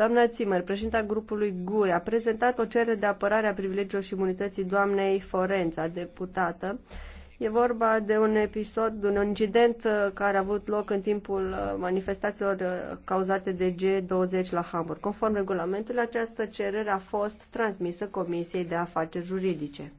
Doamna Țimăr, președinta grupului GUE, a prezentat o cerere de apărare a privilegiilor și imunității doamnei Forența, deputată. E vorba de un episod, de un incident uh, care a avut loc în timpul uh, manifestațiilor uh, cauzate de G20 la Hamburg. Conform regulamentului, această cerere a fost transmisă Comisiei de Afaceri Juridice.